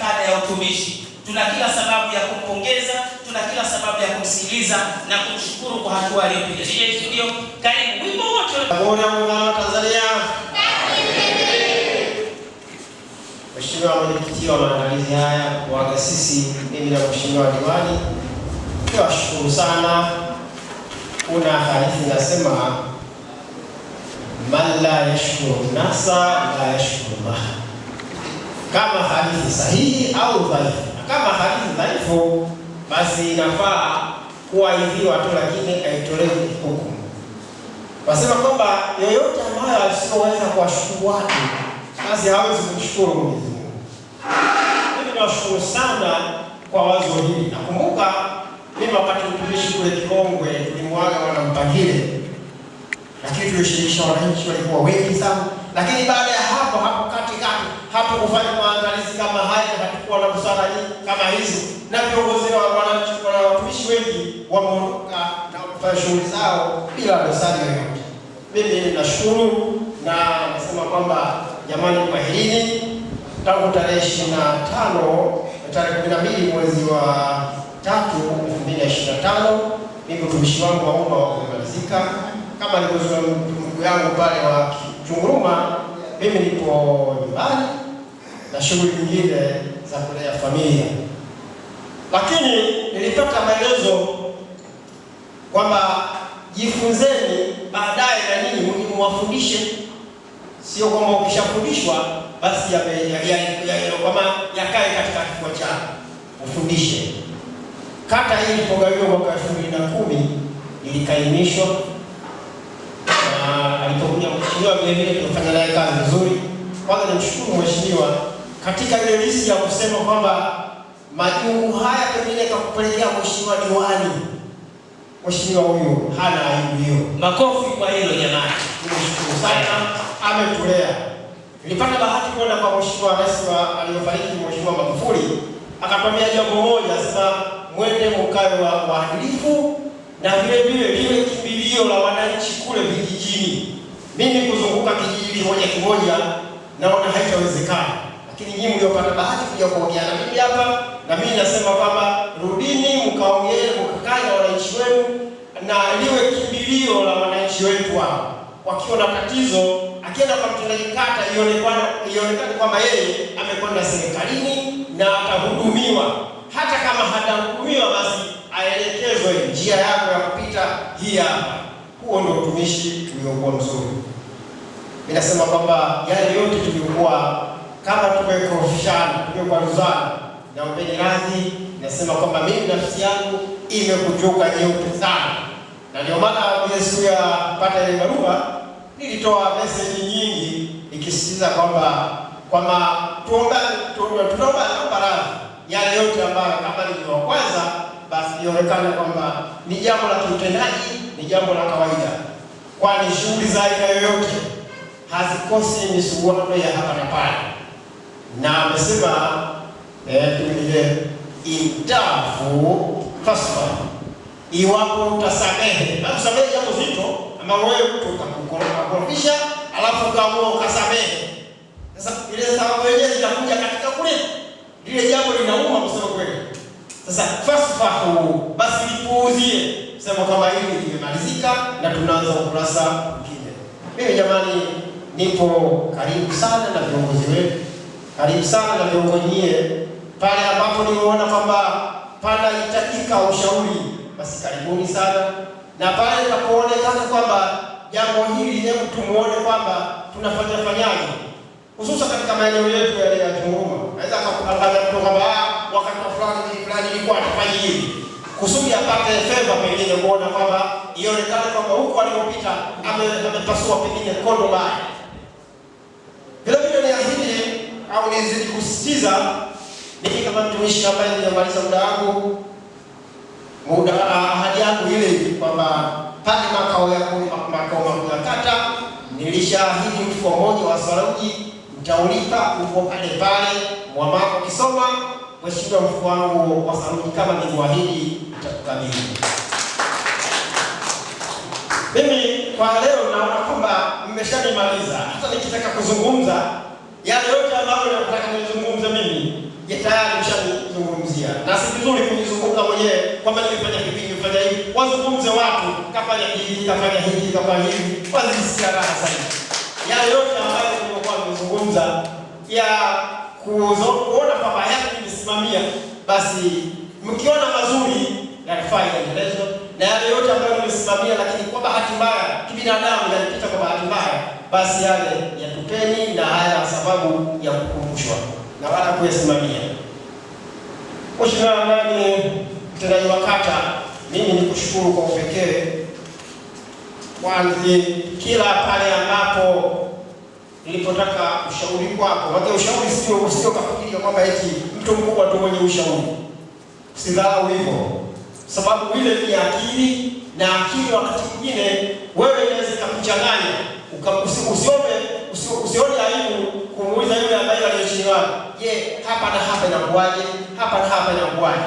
kada ya utumishi. Tuna kila sababu ya kumpongeza, tuna kila sababu ya kumsikiliza na kumshukuru kwa hatua aliyopiga. DJ Studio, karibu wimbo wote. Jamhuri ya Muungano wa Tanzania. Mheshimiwa mwenyekiti wa maandalizi haya kwa sisi, mimi na mheshimiwa diwani, tunashukuru sana. Kuna hadithi inasema man la yashkuru nasa la yashkuru Allah kama hadithi sahihi au dhaifu, na kama hadithi dhaifu, basi inafaa kuwaidhiwa tu, lakini aitolewe hukumu. Wasema kwamba yoyote ambayo asiyoweza kuwashukuru watu basi hawezi kumshukuru Mwenyezi Mungu. Mimi nawashukuru sana kwa wazo hili. Nakumbuka mimi wakati utumishi kule Kikongwe tulimwaga wana Mpangile, lakini tulishirikisha wananchi walikuwa wengi sana, lakini watu kufanya maandalizi kama haya, hatukuwa na busara nyingi kama hizi, na viongozi wa wananchi na watumishi wengi wameondoka na kufanya shughuli zao bila dosari yoyote. Mimi nashukuru na nasema kwamba jamani, kwa hili tangu tarehe ishirini na tano tarehe kumi na mbili mwezi wa tatu elfu mbili na ishirini na tano mimi utumishi wangu wa umma wakumalizika kama nilivyozungumza ndugu yangu pale wa Chunguruma, mimi nipo nyumbani na shughuli nyingine za kulea familia, lakini nilipata maelezo kwamba jifunzeni baadaye na nini wafundishe, sio kwamba ukishafundishwa basi kama yakae katika kifua chako, ufundishe. Kata hii ilipogawiwa mwaka elfu mbili na kumi ilikainishwa na alipokuja mheshimiwa, vilevile tumefanya naye kazi nzuri. Kwanza nimshukuru mheshimiwa katika ile ya kusema kwamba majungu haya pengine yakakupelekea mheshimiwa diwani, mheshimiwa huyu hana aibu hiyo. Makofi kwa hilo jamani, tunashukuru sana, ametulea. Nilipata bahati kwenda kwa mheshimiwa rais wa aliyofariki mheshimiwa Magufuli, akatwambia jambo moja, sasa mwende mkae wa waadilifu na vile vile lile kimbilio la wananchi kule vijijini. Mimi kuzunguka kijiji moja kimoja naona haitawezekana lakini nyinyi mliopata bahati kuja kuongea na mimi hapa, na mimi nasema kwamba rudini mkaongee, mkakae na wananchi wenu, na liwe kimbilio la wananchi wetu hapa. Wakiwa na tatizo, akienda kwa mtendaji kata, ionekane kwamba yeye amekwenda serikalini na atahudumiwa. Hata kama hatahudumiwa, basi aelekezwe njia yako ya kupita hii hapa. Huo ndio utumishi tuliokuwa mzuri. Ninasema kwamba yale yote tuliokuwa kama tumekorofishana, tumekwaruzana na upeni radhi, nasema kwamba mimi nafsi yangu imekuchoka nyeupe sana, na ndio maana ile siku ya pata ile barua nilitoa message nyingi nikisisitiza kwamba kwamba tuomba tunaomba naomba radhi yale yote ambayo kama nilikuwa kwanza, basi ionekane kwamba ni jambo la kiutendaji, ni jambo la kawaida, kwani shughuli za aina yoyote hazikosi misuguano ya hapa na pale na amesema eh, tulie intafu fasfa, iwapo utasamehe na kusamehe jambo zito ambalo wewe mtu utakukorofisha, alafu ukaamua ukasamehe. Sasa ile sababu yenyewe zitakuja katika kule lile jambo linauma, kusema kweli. Sasa fasfahu, basi lipuuzie, sema kama hili limemalizika na tunaanza ukurasa mwingine. Mimi jamani, nipo karibu sana na viongozi wetu karibu sana na niongojee pale ambapo nimeona kwamba itakika ushauri, basi karibuni sana, na pale nitakapoonekana kwamba jambo hili, hebu tumuone kwamba tunafanya fanyaje, hususan katika maeneo yetu yale ya Tunguruma. Naweza akafanya mtu kwamba ah, wakati wa fulani ni fulani ilikuwa anafanya hivi kusudi apate fedha, pengine kuona kwamba ionekane kwamba huko alipopita amepasua pengine kondo baya au nizidi kusisitiza mimi kama mtumishi ambaye nijamaliza muda wangu muda ah, ahadi yangu ile kwamba pale makao ya makao makuu ya kata nilishaahidi mfuko mmoja wa saruji nitaulipa huko pale pale mwamako kisoma mheshimiwa, mfuko wangu wa saruji kama nilivyoahidi nitakukabidhi. Mimi kwa leo naona kwamba mmeshanimaliza, hata nikitaka kuzungumza yale yote ambayo nataka nizungumze mimi ya tayari mshazungumzia, na si vizuri kujizungumza mwenyewe kwamba nilifanya hivi nilifanya hivi. Wazungumze watu, kafanya hivi kafanya hivi kafanya hivi, wazisikia raha zaidi. Yale yote ambayo nilikuwa nimezungumza ya kuona kwamba yake nimesimamia, basi mkiona mazuri yanafaa yaendelezwe na yale yote ambayo nimesimamia, lakini kwa bahati mbaya kibinadamu yalipita kwa bahati mbaya, basi yale yatupeni na haya sababu ya kukumbushwa na wala kuyasimamia. Mheshimiwa nani mtendaji wa kata, mimi nikushukuru kwa upekee kwanzi kila pale ambapo nilipotaka ushauri kwako, maana ushauri sio usio kafikiria kwamba eti mtu mkubwa tu mwenye ushauri, sidhau hivyo sababu vile ni akili na akili, wakati mwingine wewe inaweza kukuchanganya, usione usione aibu kumuuliza yule ambaye aliye je, hapa na hapa inakuaje? Hapa na hapa inakuaje?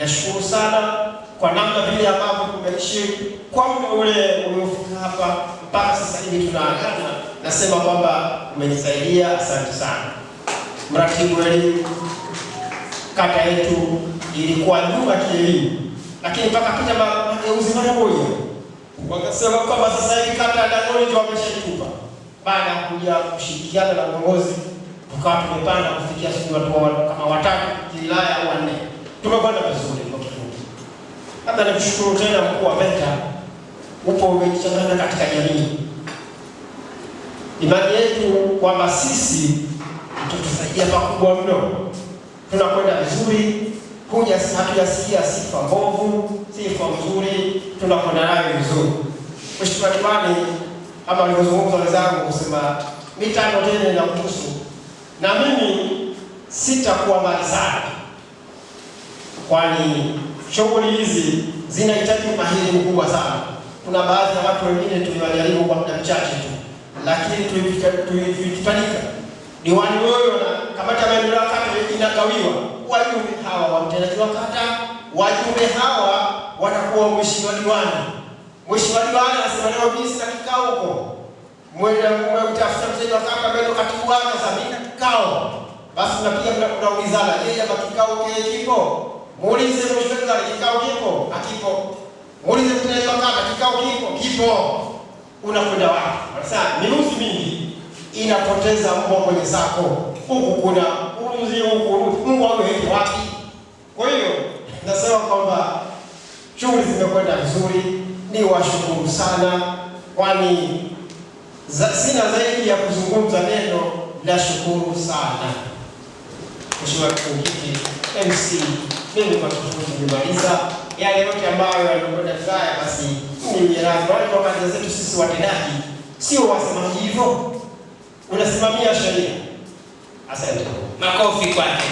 Nashukuru sana kwa namna vile ambavyo kumeishi kwa mtu ule uliofika hapa mpaka sasa hivi tunaagana, nasema kwamba umenisaidia, asante sana. Mratibu elimu kata yetu ilikuwa nyuma kielimu lakini mpaka kuja mageuzi mara moja wakasema kwamba sasa hivi kata ya Dang'oni ndio wameshaitupa. Baada ya kuja kushirikiana na uongozi, tukawa tumepanda kufikia sisi watu kama watatu wilaya au wanne, tumekwenda vizuri kwa kifupi. Hata nikushukuru tena mkuu wa VETA, upo umejichanganya katika jamii. Imani yetu kwamba sisi tutusaidia pakubwa mno, tunakwenda vizuri kuja hatujasikia sifa mbovu, sifa nzuri, tunakwenda nayo vizuri. Mheshimiwa Kimani, kama alivyozungumza wenzangu kusema mitano tena inakuhusu, na mimi sitakuwa mali sana, kwani shughuli hizi zinahitaji umahiri mkubwa sana. Kuna baadhi ya watu wengine tuliwajaribu kwa muda mchache tu, lakini tulifanika. Diwani wewe na kamati ya maendeleo ya kata inagawiwa wajumbe hawa wa mtendaji wa kata, wajumbe hawa watakuwa mheshimiwa diwani. Mheshimiwa diwani anasema leo mimi sina kikao huko, mwenda mtafuta mtendaji wa kata ambaye ndo katibu wake sabini kikao basi, na pia kuna kuna mnaulizana, yeye hapa kikao kile kipo? Muulize mheshimiwa diwani, kikao kipo? akipo, Muulize mtendaji wa kata, kikao kipo? Kipo. Unakwenda wapi? Sasa minuzi mingi inapoteza mbwa kwenye zako huku kuna uzi huku ukungu wao wengi wapi? Kwa hiyo nasema kwamba shughuli zimekwenda vizuri, ni washukuru sana, kwani sina zaidi ya kuzungumza neno la shukuru sana. Mheshimiwa Kikungiki MC, mimi kwa kifupi nimemaliza yale yote ambayo yalikwenda vibaya, basi nimiradi wale kwa kazi zetu sisi watendaji, sio wasema hivyo, unasimamia sheria. Asante, makofi kwake.